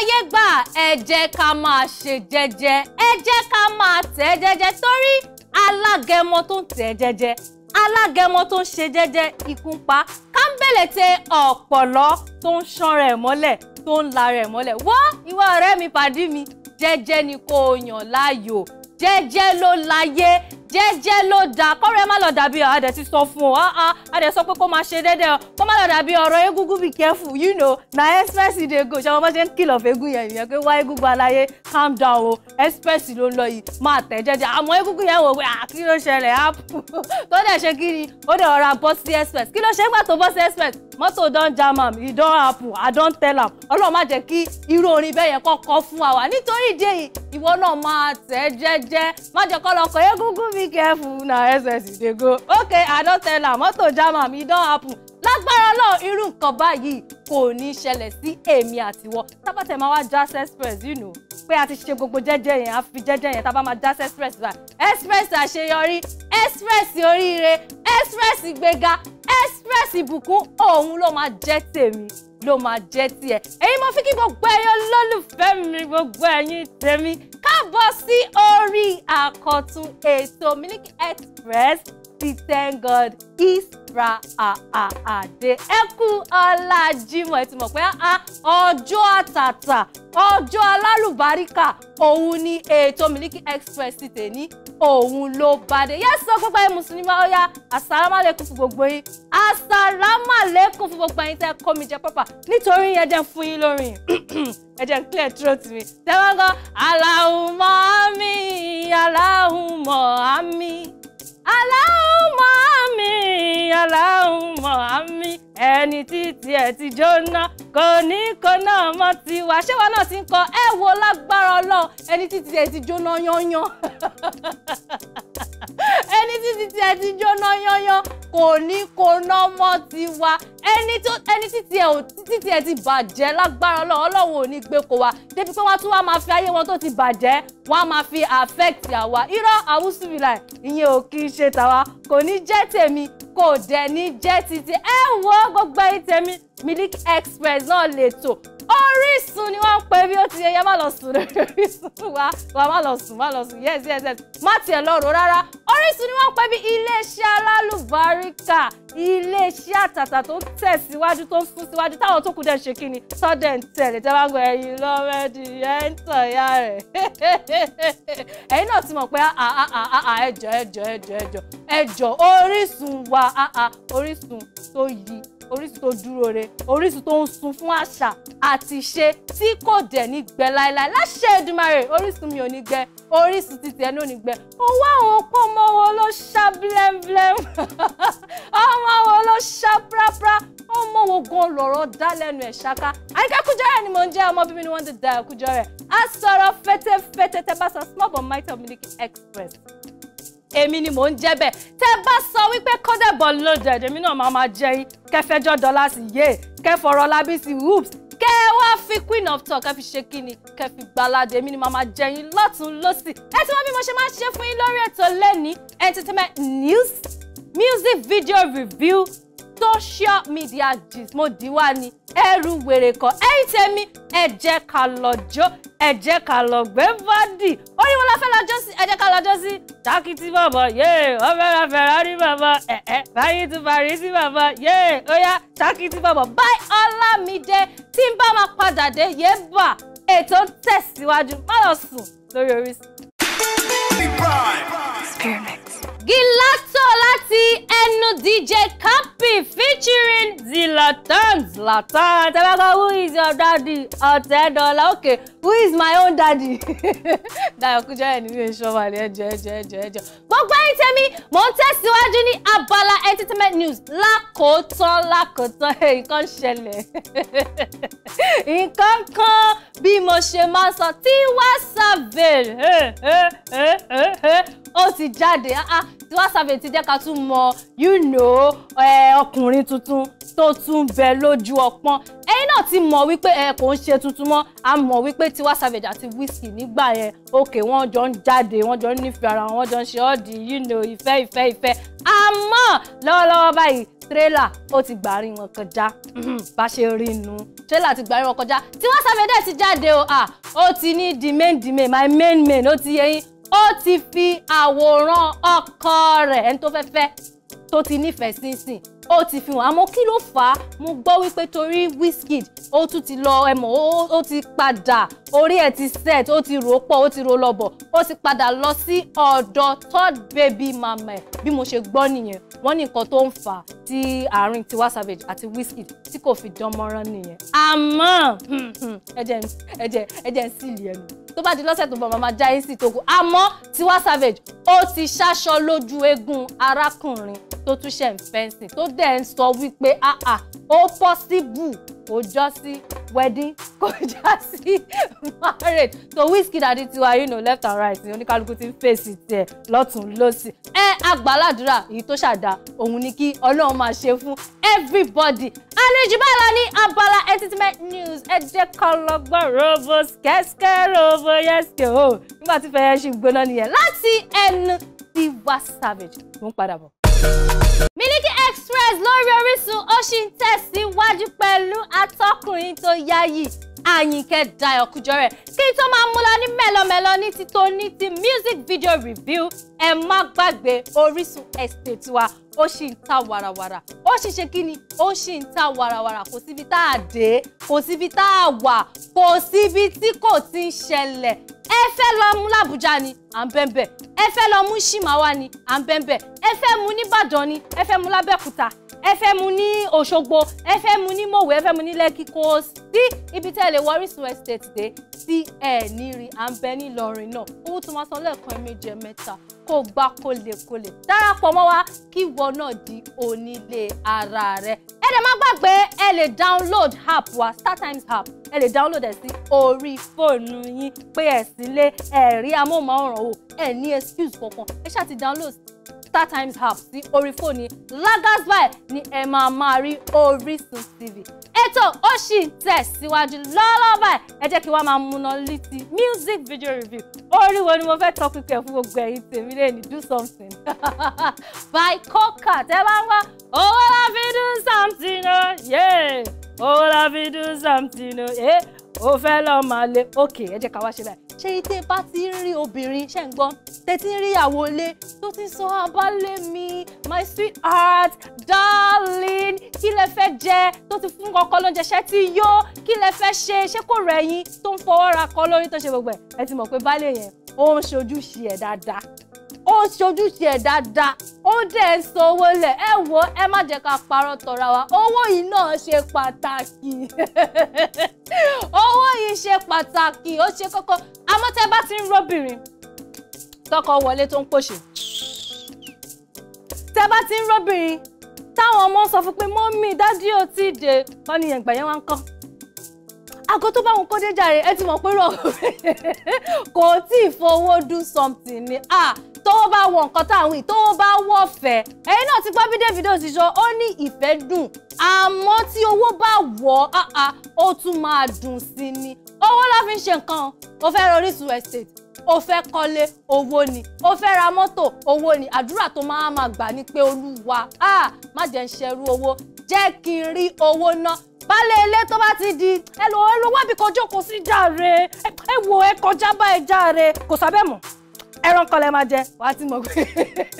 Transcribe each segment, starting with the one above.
láyé gbà ẹ jẹ́ ká máa ṣe jẹ́jẹ́ ẹ jẹ́ ká máa tẹ̀ jẹ́jẹ́ torí alágẹmọ tó ń tẹ̀ jẹ́jẹ́ alágẹmọ tó ń ṣe jẹ́jẹ́ ikú pa kámbẹ̀lẹ̀tẹ̀ ọ̀pọ̀lọ́ tó ń ṣan rẹ̀ mọ́lẹ̀ tó ń la rẹ̀ mọ́lẹ̀ wọ́ ìwọ ọ̀rẹ́ mi pàdí mi jẹ́jẹ́ ni kò yàn láàyò jẹ́jẹ́ ló láyé jẹ́jẹ́ ló dáa kọ́rọ̀ ẹ má lọ dàbí ọ̀ adẹ̀ ti sọ fún ọ adẹ̀ ah, ah, sọ pé kó máa ṣe déédéé ọ kó má lọ dàbí ọ̀rọ̀ egungun be careful you know na express e dey go ṣọwọ́ bá ṣe ń kìlọ̀ fẹ́gùn yẹn nìyẹn pé wá egungun aláyé calm down o express ló ń lọ yìí máa tẹ̀ jẹ́jẹ́ àmọ́ egungun yẹn wò pé ah, kí ló ṣẹlẹ̀ áàpù tó dẹ̀ ṣe kí ni ó dẹ̀ ọ̀rọ̀ bọ́ sí express kí ló ṣe ń gbà tó bọ́ sí express mọ́tò don jam am e don happen i don tell am ọlọ́run má jẹ́ kí irú orin bẹ́ẹ̀ yẹn kọ́kọ́ fún wa nítorí ìdí èyí ìwọ náà máa tẹ̀ jẹ́jẹ́ má jẹ́ kọ́ lọ kọ́ egungun b be careful na ss dey go okay i don't tell am mọ́tò jam am e don happen lágbára ọlọ́run irú nǹkan báyìí kò ní ṣẹlẹ̀ sí èmi àtiwọ́ tábàtẹ̀ máa wá já express you know pé a ti ṣe gbogbo jẹ́jẹ́ yẹn a fi jẹ́jẹ́ yẹn tábà máa já express bá express àṣeyọrí express oríire express ìgbéga express ìbùkún òun ló máa jẹ́ tèmi ló máa jẹ́ tiẹ̀ èyí mo fi kí gbogbo ẹ̀yin olólùfẹ́ mi gbogbo ẹ̀yin tèmi káàbọ̀ sí orí àkọ́tún ètò Miliki Express ti thank God isra àdé ẹ kú ọlá Jímọ̀ ẹ ti mọ̀ pé ah, ọjọ́ àtàtà ọjọ́ alálùbáríkà òun ni ètò Miliki Express ti tè ní òun ló bàdé yẹ́sì sọ gbogbo ẹ̀yin mùsùlùmí ó yá àsàrámàlẹ́kùn fún gbogbo yín àsàrámàlẹ́kùn fún gbogbo yín tẹ́ kó mi jẹ pápá nítorí yẹn jẹ́ fún yín lórí ẹ jẹ́ clear throat mi tẹ́wọ́n gan Allahumma àmì Allahumma àmì Allahumma àmì Allahumma àmì ẹni tí tiẹ̀ ti jóná kò ní kò náà mọ tiwa ṣéwa náà ti ń kọ ẹ wo lágbára Ọlọ́run ẹni títí ẹ ti jóná yányán ẹni títí ẹ ti jóná yányán kò ní kò náà mọ tiwa ẹni tó ẹni títí ẹ ò títí ẹ ti bàjẹ́ lágbára Ọlọ́run Ọlọ́run ò ní gbé kó wa débi pé wọ́n tún wá máa fi ayé wọn tó ti bàjẹ́ wọ́n á máa fi affect àwa irọ́ àwùsùwìlà ìyẹn ò kì í ṣe tàwa kò ní jẹ́ tèmi kò dẹ̀ ní jẹ́ títí ẹ wo gbogbo ẹ̀yin tèmi Miliki Express náà lè tò Orísun ni wọ́n ń pè bí ó ti yẹ yẹ má lọ sùn lórí Orísun wa wa má lọ sùn má lọ sùn yes yes yes má tiẹ̀ lọ rò rárá Orísun ni wọ́n ń pè bí iléeṣẹ́ alálùbáríkà iléeṣẹ́ àtàtà tó ń tẹ̀síwájú tó ń fún síwájú táwọn tó kù dẹ̀ ṣe kí ni tọ́dẹ̀ ń tẹ̀lé tẹ́ bá ń gbọ́ ẹyin lọ́rẹ́dì ẹ̀ ń tàn ya rẹ̀ ẹ̀yin náà ti mọ̀ pé ah, ah, ah, ẹjọ́ ẹjọ́ ẹjọ́ ẹjọ́ ẹjọ́ Orísun wa Orísun tó yí orísun tó dúró re orísun tó ń sun fún àṣà àti ìṣe tí kò dẹ̀ ní gbẹ láéláé láṣẹ Èdùmàrè orísun mi ò ní gbẹ orísun títí ẹni ò ní gbẹ owó àwọn pọ̀ mọ́ wo ló ṣá blẹ́mblẹ́m ọmọ wo ló ṣá prápra ọmọ wo gan lọ̀rọ̀ dá lẹ́nu ẹ̀ ṣáká Àyìnkẹ́ Kújọrẹ̀ ni mò ń jẹ́ ọmọ bíbí ni wọ́n ti dá Kújọrẹ̀ a sọ̀rọ̀ fẹ́tẹ́fẹ́tẹ́ tẹ́ bá sọ small but mighty Miliki Express èmi ni mò ń jẹ́ bẹ́ẹ̀ tẹ́ bá sọ wípé kọ́dẹ̀bọ̀ loaded èmi náà máa máa jẹ yín kẹfẹjọ dọ́là sí yé kẹfọ̀rọ̀ lábí sí whoops kẹ wá fi queen of talk kẹ fi ṣe kíni kẹ fi gbalade èmi ni màá máa jẹ yín lọ́tún lọ́sì ẹ ti mọ bí mo ṣe máa ṣe fún yín lórí ètò lẹ́ni entertainment news music video review social media gist mo dì wá ní ẹrù wèrè kan ẹ̀yin tèmi ẹ jẹ́ ká lọ jó ẹ jẹ́ ká lọ gbé bọ́dì orí wọn la fẹ́ lọ jó sí ẹ jẹ́ ká lọ jó sí tákìtì bàbá yéè ọ̀fẹ́ra Ferrari bàbá ẹ̀ẹ́ báyìí tún Paris bàbá yéè óyá tákìtì bàbá báyìí Ọlámídé tí ń bá máa padà dé yéé bà ètò ń tẹ̀síwájú má lọ sùn lórí Orísun. Gilad tó láti ẹnu DJ Cappy featuring Zlatan Zlatan tẹ́lẹ̀kọ́ who is your daddy Ọ̀tẹ́dọ́là Okay, who is my own daddy Dayọ̀ Kújọrẹ́ ní ilé iṣẹ́ wà ní ẹjọ́ ẹjọ́ ẹjọ́ ẹjọ́ gbogbo ẹ̀yin tẹ́mi mò ń tẹ̀síwájú ní abala entertainment news lákòótán lákòótán nǹkan ṣẹlẹ̀ nǹkan kan bí mo ṣe máa sọ Tiwa Savage ó ti jáde ah, ah. Tiwa Savage ti jẹ́ ká tún mọ you know ọkùnrin tuntun tó tún bẹ lójú ọpọ́n ẹ̀yin náà ti mọ̀ wípé ẹ kò ń ṣe tuntun mọ́ a mọ̀ wípé Tiwa Savage àti Wizkid nígbà yẹn òkè wọ́n jọ ń jáde wọ́n jọ ń nífẹ̀ẹ́ ara wọn jọ ń ṣe ọ́ọ̀dì you know ìfẹ́ ìfẹ́ ìfẹ́ àmọ́ lọ́wọ́lọ́wọ́ báyìí tírélà ó ti gbàárín wọn kọjá bá ṣe rí inú tírélà ti gbàárín wọn kọjá Tiwa Savage ti jáde o ó ti ní the main the main my main main ó ti yẹ yín ó ti fi àwòrán ọkọ rẹ̀ ẹni tó fẹ́ fẹ́ tó ti nífẹ̀ẹ́ sínsìn ó ti fi hàn àmọ́ kí ló fà á mo gbọ́ wípé torí Wizkid ó tún ti lọ ẹ̀mọ́ ó ti padà orí ẹ̀ ti set ó ti rò pọ̀ ó ti rò lọ́bọ̀ ó ti padà lọ sí ọ̀dọ̀ third baby mama ẹ̀ bí mo ṣe gbọ́ nìyẹn wọ́n ní nǹkan tó ń fà á tí àárín Tiwa Savage àti Wizkid tí kò fi dán mọ́rán nìyẹn àmọ́ hmm, hmm, ẹ̀jẹ̀ ẹ̀jẹ̀ ẹ̀jẹ̀ ń sì lì ẹnu tó bá di lọ́sẹ̀ tó bọ̀ màmá já ac tó kù àmọ́ Tiwa Savage ó ti ṣaṣọ lójú eegun arákùnrin tó tún ṣe ń fẹ́ǹsì tó dẹ̀ ń sọ wípé ó pọ́síbù kò jọ sí wedding kò sí marriage so Wizkid àti Tiwa you know left and right ni oníkálukú ti ń fèsì tiẹ̀ lọ́tún lọ́sì ẹ àgbàládùra èyí tó ṣàdá òun ni kí Ọlọ́run máa ṣe fún everybody àlejò báyìí la ní abala entertainment news ẹ jẹ́ kọ́ lọ́gbọ́n robo skẹ́skẹ́ robo yẹ́skẹ́ o nígbà tí fẹ́ẹ́ ṣì gbóná nìyẹn láti ẹnu Tiwa Savage ló ń padà bọ̀. tó yáyì àyìnkẹ́ dayọ̀ kújọ́rẹ̀ kí n tó máa mú lọ ní mẹ́lọmẹ́lọ ní ti tó ní ti music video review ẹ má gbàgbé Orísun estate wa ó sì ń ta wàràwàrà ó sì ṣe kí ni ó sì ń ta wàràwàrà kò síbi tá a dé kò síbi tá a wà kò síbi tí kò ti ń ṣẹlẹ̀ ẹ fẹ́ lọ mú làbújá ni à ń bẹ́ẹ̀ bẹ́ẹ̀ ẹ fẹ́ lọ mú ṣìmáwá ni à ń bẹ́ẹ̀ bẹ́ẹ̀ ẹ fẹ́ mú nìbàdàn ni ẹ fẹ́ mú lábẹ́òkúta ẹ fẹ́ mu ní Òṣogbo ẹ fẹ́ mu ní Mòwe ẹ fẹ́ mu ní Lẹ́kì kò sí ibi tẹ́ ẹ lè wọ Orísun estate dé tí ẹ ní rí à ń bẹ nílọrin náà owó tó máa san lẹ́ẹ̀kan méjì mẹ́ta kó gbá kólékólé darapọ̀ mọ́ wa kí ìwọ náà di onílé ara rẹ ẹ dẹ̀ má gbàgbé ẹ lè download app wa StarTimes app ẹ lè download ẹ sí orí fóònù yín pé ẹ sílé ẹ rí amóhùnmáwòrán wò ẹ ní excuse kankan ẹ ṣáà ti download startimes app sí orí fóònù lagazby ni ẹ máa máa rí Orísun TV ètò ó sì ń tẹ̀síwájú lọ́lọ́ báyìí ẹ jẹ́ kí wọ́n máa múná létí music video review orí wo ni mo fẹ́ tọpinpin ẹ̀ fún gbogbo ẹ̀yin tèmi lẹ́yìn do something by coca tẹ́ bá ń wá owó la fi do something o owó la fi do something o ó fẹ́ lọ́ọ́ máa lé òkè ẹ jẹ́ ká wá ṣe báyìí ṣe ìtẹ́ bá ti ń rí obìnrin ṣe ń gbọ́ tẹ́tí ń rí ìyàwó ilé tó ti sọ abálé ah, mi my sweet heart darling kí lẹ fẹ́ jẹ tó ti fún kọ́kọ́ lóúnjẹ ṣẹ́ ti yó kí lẹ fẹ́ ṣe ṣé kò rẹ̀yìn tó ń fọwọ́ ra kọ́ lórí tó ṣe gbogbo ẹ̀ ẹ ti mọ̀ pé baálé yẹn ó ń ṣojúṣe ẹ̀ dáadáa ó ń ṣojúṣe ẹ̀ dáadáa ó dẹ̀ ń san owó lẹ̀ ẹ wo ẹ má jẹ́ ká parọ́ tọ̀ra wa owó yìí náà ṣe pàtàkì owó yìí ṣe pàtàkì ó ṣe kókó àmọ́ tẹ́ bá ti ń rọ́bìnrin tọkọ wọlé tó ń pòṣè tẹ́ bá ti ń rọ́bìnrin táwọn ọmọ sọ fún pé mọ́mí dádì ò tí ì dé wọ́n ní ẹ̀gbà yẹn wá ń kọ́ àgọ́ tó bá wọn kọ́ dé jàre ẹ ti mọ̀ pé rọ̀ kò tí ì fowó do something ni tówó bá wọ nǹkan táwọn yìí tówó bá wọ̀ fẹ́ ẹ̀yin náà ti gbọ́ bí Davido ti sọ ó ní ìfẹ́ dùn àmọ́ tí owó bá wọ̀ ọ́ ó tún máa dùn sí ni owó la fi ń ṣe nǹkan o fẹ́ ra Orísun estate o fẹ́ kọ́lé owó ni o fẹ́ ra mọ́tò owó ni àdúrà tó máa máa gbà ni pé olúwa má jẹ́ ń ṣerú owó jẹ́ kí n rí owó ná baálé ilé tó bá ti di ẹ lọ ẹ lọ wábi kan jókòó sí ẹ wò ẹ kọjá bá ẹ jàre kò sábẹ́ mọ̀ ẹran kan lẹ máa jẹ wàá ti mọ̀ pé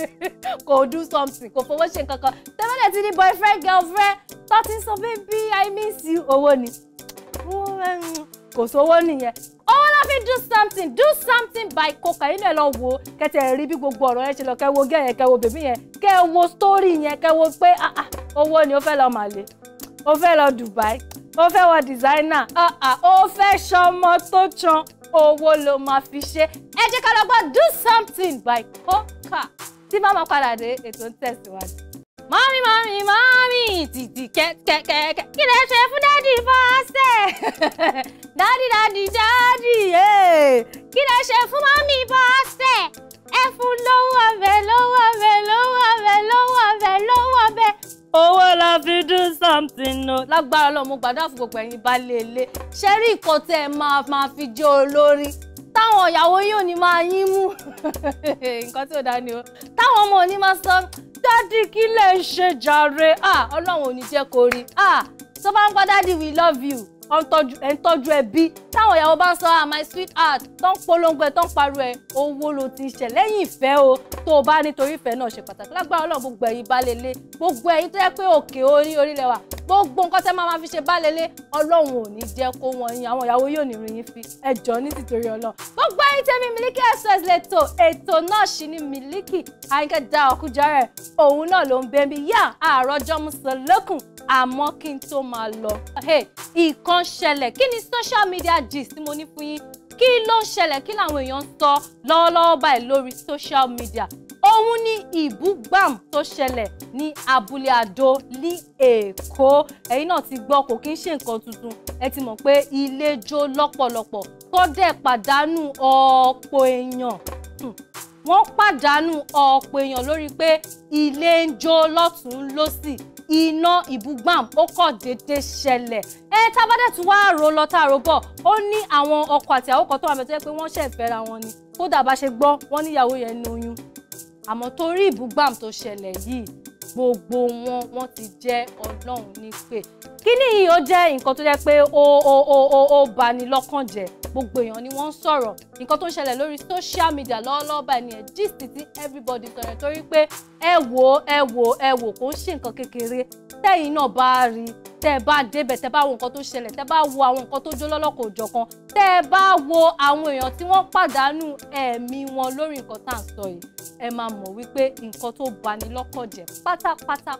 kò do something kò fowó ṣe kankan tẹ́lẹ̀ ti ní boyfriend girlfriend tó sọ baby i miss you owó ni kò sówó nìyẹn owó la fi do something do something by coca inú ẹ lọ wò kẹtẹ rí bí gbogbo ọ̀rọ̀ yẹn ṣe lọ kẹ wo gẹ yẹn kẹ wo bèbí yẹn kẹ wo story yẹn kẹ wo pé ah, ah, owó ni ó fẹ́ lọ màlè o fẹ́ lọ Dubai o fẹ́ wọ designer o fẹ́ ṣọmọ tó chan owó ló máa fi ṣe ẹ jẹ́ ká lọ gbọ́ do something by Coca. tí má máa padà dé ètò ń tẹ̀síwájú. mọ́mí mọ́mí mọ́mí tìtì kẹ́kẹ́kẹ́ kí lè ṣe fún dádì fọ́ọ̀sẹ̀ dádì dádì dádì kí lè ṣe fún mọ́mí fọ́ọ̀sẹ̀. lágbára lọ mo gbàdúrà fún gbogbo ẹ̀yin baálé ilé ṣe rí ìkọ́ tẹ́ ẹ máa máa fi jẹ́ olórí táwọn ìyàwó yín ò ní máa yín mú nǹkan tí ò dá ni o táwọn ọmọ ò máa sọ dádì kí lè ṣe jàre ọlọ́run ò ní jẹ́ kó rí tó bá ń gbọ́ dádì we love you ẹ̀ ń tọ́jú ẹbí táwọn ìyàwó bá ń sọ ah my sweet heart tó ń polongo ẹ̀ tó ń pariwo ẹ̀ owó ló ti ṣẹ̀ lẹ́yìn ìfẹ́ o tó o bá nítorí ìfẹ́ náà ṣe pàtàkì lágbára Ọlọ́run gbogbo ẹ̀yin balẹ̀lẹ̀ gbogbo ẹ̀yin tó yẹ pé òkè orí orílẹ̀ wa gbogbo nǹkan tẹ́ máa ma fi ṣe balẹ̀lẹ̀ Ọlọ́run ò ní jẹ́ kó wọn yin àwọn ìyàwó yóò ní yín fi ẹjọ́ ní tìtorí Ọlọ́run gbogbo ẹ̀yin Miliki Express lè to Miliki Àyìnkẹ́ da ọ̀kújà rẹ̀ òun náà ló ń bẹ́ẹ̀ bí yá àárọ̀ jọ́mùsọ̀ lókùn àmọ́ ń ṣẹlẹ̀ kí ni social media gist tí mo ní fún yín kí ló ń ṣẹlẹ̀ kí làwọn èèyàn ń sọ lọ́wọ́lọ́wọ́ báyìí lórí social media òun ni ìbúgbàm tó ṣẹlẹ̀ ní abúlé àdó ní èkó ẹ̀yin náà ti gbọ́ kò kí ń ṣe nǹkan tuntun ẹ ti mọ̀ pé ilé jó lọ́pọ̀lọpọ̀ tó dẹ̀ pàdánù ọ̀pọ̀ èèyàn hmm. wọ́n pàdánù ọ̀pọ̀ èèyàn lórí pé ilé ń jó lọ́tún lọ́sì iná ìbúgbàm ó kọ̀ déédé ṣẹlẹ̀ ẹ tábádẹ́ tún wá rò lọ tá a rò bọ̀ ó ní àwọn ọkọ àti àwọn ọkọ tó wà mẹ́tọ́ yẹ pé wọ́n ṣẹ̀ fẹ́ra wọn ni kódà bá ṣe gbọ́ wọ́n níyàwó yẹn ní oyún àmọ́ torí ìbúgbàm tó ṣẹlẹ̀ yìí gbogbo wọn wọ́n ti jẹ́ ọlọ́run nípè kíní yìí ó jẹ́ nǹkan tó jẹ́ pé ó ó ó ó ó bani lọ́kàn jẹ́ gbogbo èèyàn ni wọ́n ń sọ̀rọ̀ nǹkan tó ń ṣẹlẹ̀ lórí social media lọ́wọ́lọ́wọ́ báyìí ni ẹ̀ gist tí everybody sọ̀rọ̀ torí pé ẹ wò ẹ wò ẹ wò kò ń ṣe nǹkan kékeré tẹ́yìn náà bá rí tẹ́ ẹ bá débẹ̀ tẹ́ bá wo nǹkan tó ṣẹlẹ̀ tẹ́ bá wo àwọn nǹkan tó jó lọ́lọ́kọ̀ òjọ̀kan tẹ́ ẹ bá wo àwọn èèyàn tí wọ́n pàdánù ẹ̀mí wọn lórí nǹkan tá à ń sọ yìí ẹ máa mọ̀ wípé nǹkan tó bani lọ́kàn jẹ́ pátápátá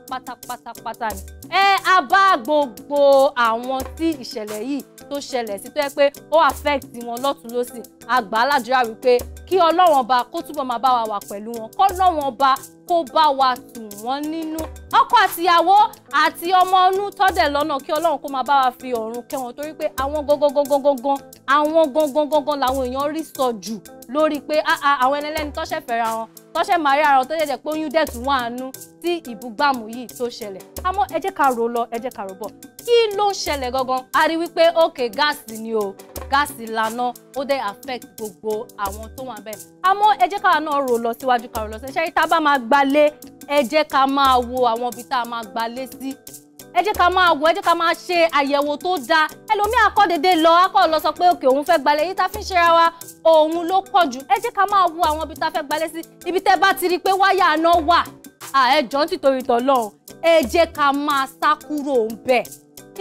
pátápátá ni. ẹ a bá gbogbo àwọn tí ìṣẹ̀lẹ̀ yìí tó ṣẹlẹ̀ sí tó yẹ pé ó affect wọn lọ́tún lọ́sìn àgbà aládùúrà wípé kí Ọlọ́run ọba kó túbọ̀ máa bá wa wà pẹ̀lú wọn kọ́ Ọlọ́run ọba kó bá wa tù wọ́n nínú ọkọ àtìyàwó àti ọmọ ọnú tọ́dẹ̀ lọ́nà kí ọlọ́run kó máa bá wa fi ọ̀run kẹ́ wọn torí pé àwọn gangan àwọn gangan làwọn èèyàn rí sọ jù lórí pé ah, ah, àwọn ẹlẹ́ni tọ́ṣẹ̀ fẹ́ra wọn tọ́ṣẹ̀ màrí ara wọn tó jẹ́jẹ́ pé oyún dẹ̀ tún wà nú tí ìbúgbàmù yìí tó ṣẹlẹ̀ àmọ́ ẹ jẹ́ ká rò lọ ẹ jẹ́ ká rò bọ̀ kí ló ń ṣẹlẹ̀ gangan a rí wípé ókè gáàsì ni o gáàsì laná ó dẹ̀ affect gbogbo àwọn tó wà bẹ́ẹ̀ àmọ́ ẹ jẹ́ káwa náà rò lọ síwájú ká rò lọ sẹ́yìn ṣẹ́yìn tá a bá máa gbalé ẹ ká máa wo àwọn ibi tá a máa gbalé sí ẹ jẹ́ ká máa wò ẹ jẹ́ ká máa ṣe àyẹ̀wò tó dáa ẹlòmíà kọ́ dédé lọ akọ́ lọ sọ pé òkè òun fẹ́ gbalẹ̀ yìí tá fi ń ṣera wa òun ló pọ̀ jù ẹ ká máa wo àwọn ibi tá a fẹ́ gbalẹ̀ sí ibi tẹ́ bá ti rí i pé wáyà náà wà ẹ jọ̀ọ́ nítorí tọ́lọ́run ẹ ká máa sá kúrò ń bẹ̀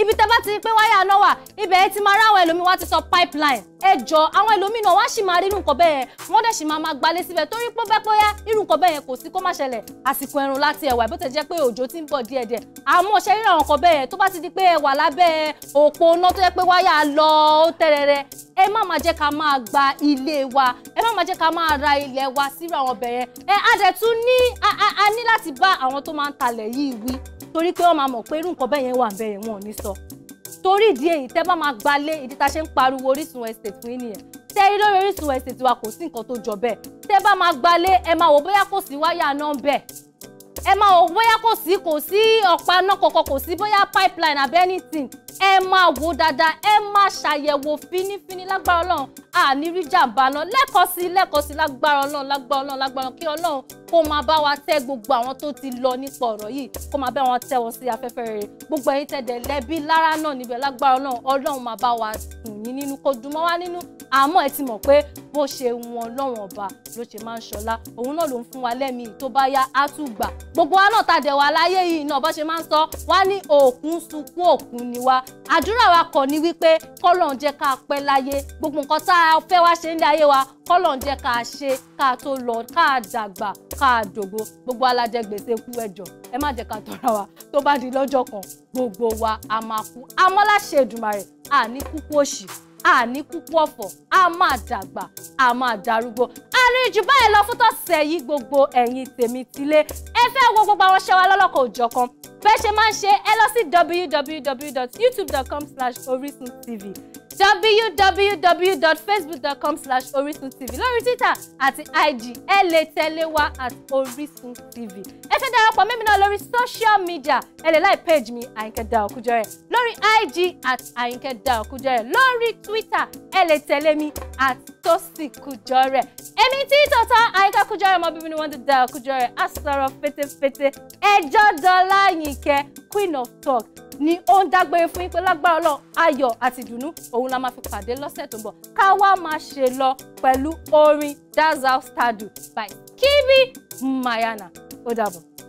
ibi tẹ́ bá ti pé wáyà náà wà ibẹ̀ ẹ ti máa ráwọn ẹlòmíì wá ti sọ pipeline ẹ jọ àwọn ẹlòmíì náà wá sì máa rí irú nǹkan bẹ́ẹ̀ wọ́n dẹ̀ sì máa máa gbalé síbẹ̀ torí pé bẹ́ẹ̀ bóyá irú nǹkan bẹ́ẹ̀ kò sí kó má ṣẹlẹ̀ àsìkò ẹ̀rùn láti ẹ̀wà bó tẹ̀ jẹ́ pé òjò ti ń bọ̀ díẹ̀díẹ̀ àmọ́ ṣe rírà nǹkan bẹ́ẹ̀ tó bá ti di pé ẹ wà lábẹ́ òpó náà tó jẹ́ pé wáyà lọ ó tẹ́rẹ̀rẹ̀ ẹ má máa jẹ́ ká máa gba ilé wa ẹ má máa jẹ́ ká máa ra ilẹ̀ wa sírú àwọn bẹ̀rẹ̀ ẹ adẹ̀tún ní a ní láti bá àwọn tó máa ń talẹ̀ yìí wí torí pé wọ́n máa mọ̀ pé irú nǹkan bẹ́ẹ̀ yẹn wà bẹ́ẹ̀ yẹn wọn ò ní sọ torí ìdí èyí tẹ́ bá máa gbalé ìdí ta ṣe ń pariwo Orísun estate fún nìyẹn tẹ́ rí lórí Orísun estate wa kò sí nǹkan tó jọ bẹ́ẹ̀ tẹ́ bá máa gbalé ẹ máa wò bóyá kò sí wáyà náà bẹ́ẹ̀ ẹ máa wò bóyá kò sí kò sí ọ̀pá náà kọ̀ọ̀kan kò sí bóyá pipeline àbí anything ẹ máa wò dáadáa ẹ máa ṣàyẹ̀wò fínífíní lágbára ọlọ́run àní rí jàǹbá náà lẹ́kọ̀ọ́ sí lẹ́kọ̀ọ́ sí lágbára ọlọ́run lágbára ọlọ́run lágbára kí ọlọ́run kó máa bá wa tẹ́ gbogbo àwọn tó ti lọ nípa ọ̀rọ̀ yìí kó máa bá wọn tẹ́ wọn sí afẹ́fẹ́ rere gbogbo ẹ̀yin tẹ̀dẹ̀ lẹ́bí lára náà níbẹ̀ lágbára ọlọ́run ọlọ́run máa bá wa sùn yín nínú kó dùn mọ́ wa nínú àmọ́ ẹ ti mọ̀ pé bó ṣe wọn lọ́wọ́n ọba ló ṣe máa ń ṣọlá òun náà ló ń fún wa lẹ́mìí tó bá yá á tún gbà gbogbo wa náà tàdé wa láyé yìí náà bó ṣe máa ń sọ wá ní òkun sunkún òkun ni wa àdúrà wa kọ̀ ni wípé kọ́lọ̀ jẹ́ ká pẹ́ láyé gbogbo nǹkan tá a fẹ́ wá ṣe ń láyé wa kọ́lọ̀ ń jẹ́ ká ṣe ká tó lọ ká dàgbà ká dògbò gbogbo alájẹ gbèsè kú ẹjọ ẹ má jẹ́ ká tọra wa tó bá di lọ́jọ́ kan gbogbo wa a máa kú àmọ́ láṣẹ Èdùmàrè àní kúkú òṣì àní kúkú ọ̀fọ̀ a máa dàgbà a máa darúgbó àárín jù báyìí lọ fún tọ̀sẹ̀ yìí gbogbo ẹ̀yin tèmi tilé ẹ fẹ́ wo gbogbo àwọn ṣẹ́wà lọ́lọ́kọ̀ òjọ̀kan bẹ́ẹ̀ ṣe máa ń ṣe ẹ lọ sí www.youtube.com/orisuntv www.facebook.com/orisuntv lórí twitter àti ig ẹ lè tẹ̀lé wa at orisuntv ẹ fẹ́ darapọ̀ mímí náà lórí social media ẹ lè like page mi àyìnkẹ́ dá òkújọ́rẹ̀ lórí ig at àyìnkẹ́ dá òkújọ́rẹ̀ lórí twitter ẹ lè tẹ̀lé mi at tosi kujọ́rẹ̀ èmi tí tọ́tọ́ àyìnkẹ́ kújọ́rẹ̀ ọmọ bíbí ni wọ́n ti dá òkújọ́rẹ̀ á sọ̀rọ̀ fetefete ẹjọ́ dọ́là Àyìnkẹ́ Queen of Talk ni ó ń dágbére fún yín pé lágbára Ọlọ́run ayọ̀ àti ìdùnnú òun la máa fi pàdé lọ́sẹ̀ tó ń bọ̀ ká wá máa ṣe lọ pẹ̀lú orin That's How by Kibi Mayana ó dàbọ̀.